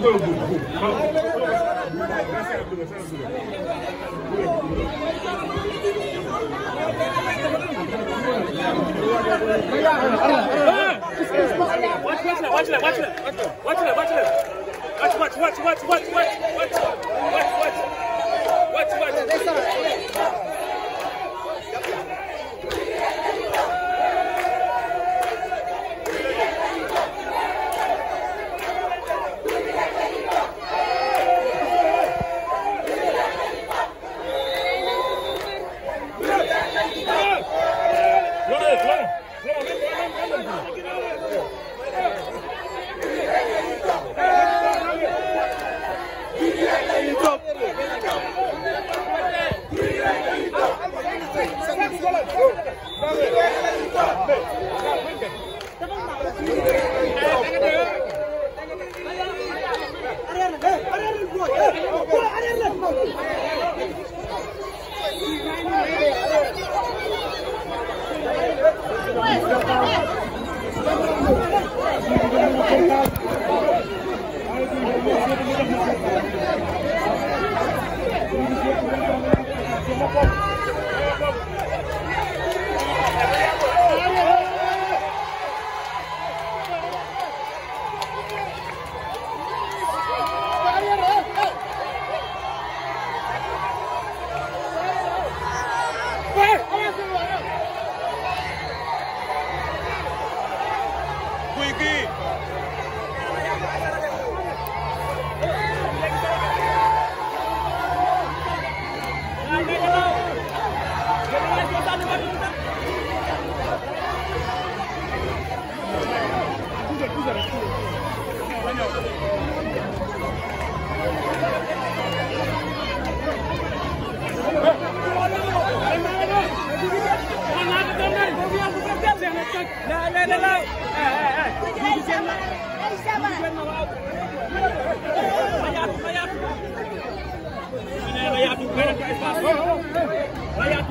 Watch it, watch it, watch it, watch it, watch it, watch it, watch, watch, watch, watch, watch, watch, watch.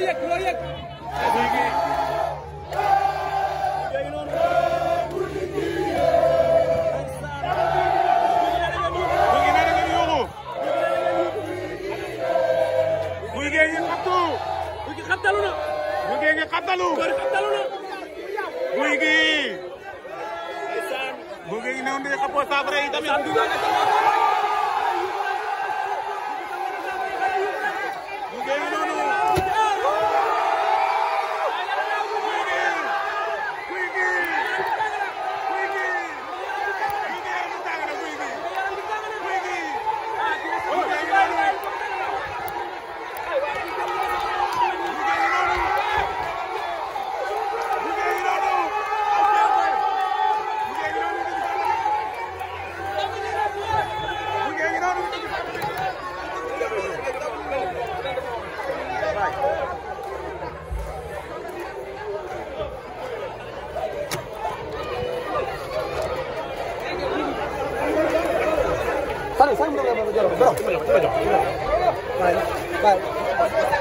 loo yëg loo yëg Guy gi néew ndey xapoo saafara yi tamit Vai, vai.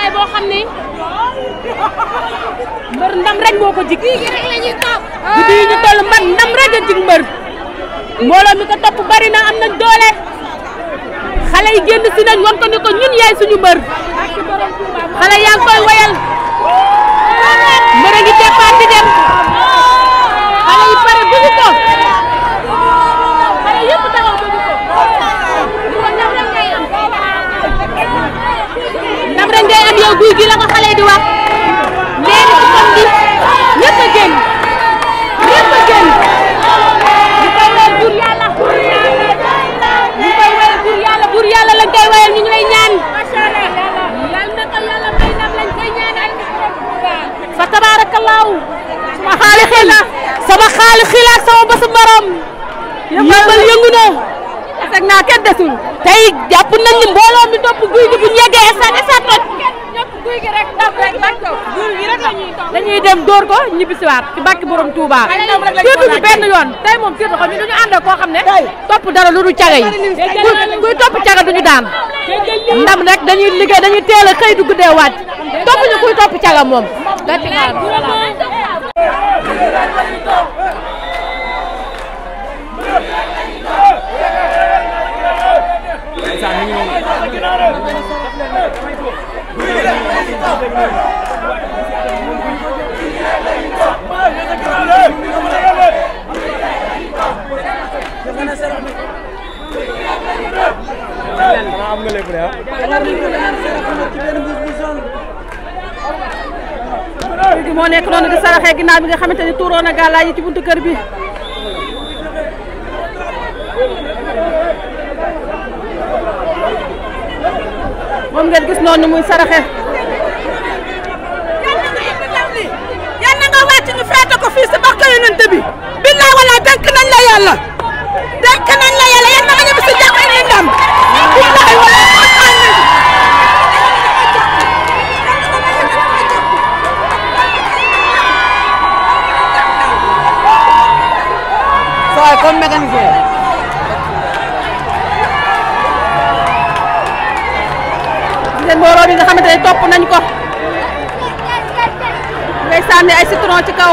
taxawaay boo xam ne mbër ndam rek moo ko jig. kii rek la ñuy ndam rek a jig mbër. mbooloo mi ko topp bari am nañ doole. xale yi génn si nañ wan ko ni ko ñun yaay suñu mbër. xale yaa koy woyal. mbër a ngi départ di dem. xale yi pare bëgg ko. di wax léegi ci kon bi ñëpp a génn ñëpp a génn ñu koy wéyal buur yàlla ñu koy wéyal buur yàlla buur yàlla lañ koy wéyal ñu ngi lay ñaan yàlla na ko yàlla may ndam lañ koy ñaanal fa tabaarakallaahu sama xaali xil sama xaali xil ak sama basu borom yëngal yëngu na teg naa kenn desul tey jàpp nañ ni mbooloo mi topp guy gi bu ñu yeggee stade stade toj dañuy dem dóor ko ñibbisiwaat ci bàkki borom Touba surtout ñu benn ñu ànd ak koo xam ne topp dara lu dul caga yi kuy topp caga duñu daan ndam rek dañuy liggéey dañuy teel a xëy du guddee wàcc topp ñu kuy topp caga moom moo nekk noonu di bi nga xamante ni tuuroon na gàllaay yi kër bi moom ngeen gis noonu muy saraxe la yàlla dàkk nañ la yàlla yéen na nga ñëpp si jàmm ak ndam billahi wala waaw comme mécanicien ngeen mbooloo bi nga xamante ay citron ci kaw